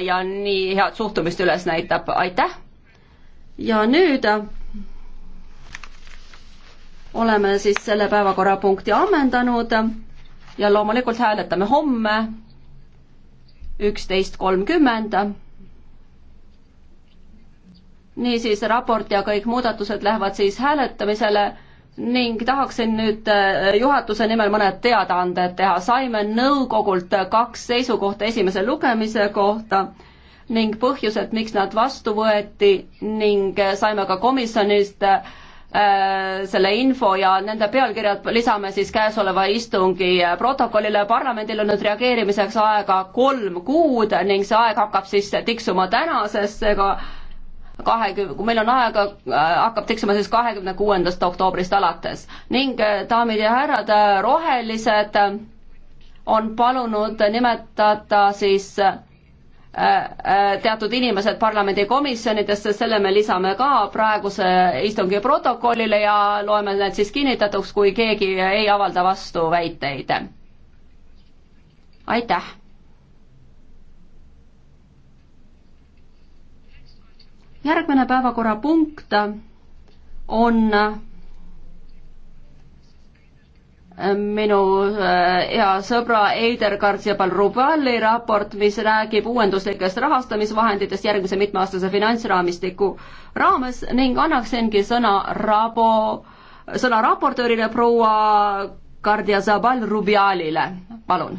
ja nii head suhtumist üles näitab, aitäh. ja nüüd oleme siis selle päevakorrapunkti ammendanud ja loomulikult hääletame homme üksteist kolmkümmend. niisiis raport ja kõik muudatused lähevad siis hääletamisele ning tahaksin nüüd äh, juhatuse nimel mõned teadaanded teha. saime nõukogult kaks seisukohta esimese lugemise kohta ning põhjused, miks nad vastu võeti ning äh, saime ka komisjonist äh, selle info ja nende pealkirjad lisame siis käesoleva istungi äh, protokollile. parlamendil on nüüd reageerimiseks aega kolm kuud ning see aeg hakkab siis tiksuma tänasesse ka kahekümne, kui meil on aega, äh, hakkab teksima siis kahekümne kuuendast oktoobrist alates ning äh, daamid ja härrad, äh, rohelised on palunud nimetada siis teatud inimesed parlamendikomisjonidesse, selle me lisame ka praeguse istungi protokollile ja loeme need siis kinnitatuks, kui keegi ei avalda vastuväiteid. aitäh järgmine päevakorrapunkt on äh, minu äh, hea sõbra Eider Garcia-Balrubali raport, mis räägib uuenduslikest rahastamisvahenditest järgmise mitmeaastase finantsraamistiku raames ning annaksingi sõna rabo, sõna raportöörile proua Gardia-Zabal-Rubialile, palun.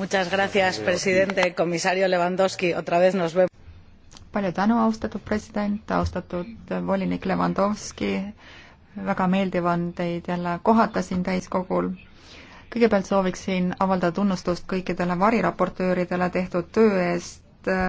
Muchas gracias, presidente, comisario Lewandowski, otra vez nos vemos palju tänu, austatud president, austatud volinik Levandovski, väga meeldiv on teid jälle kohata siin täiskogul. kõigepealt sooviksin avaldada tunnustust kõikidele variraportööridele tehtud töö eest,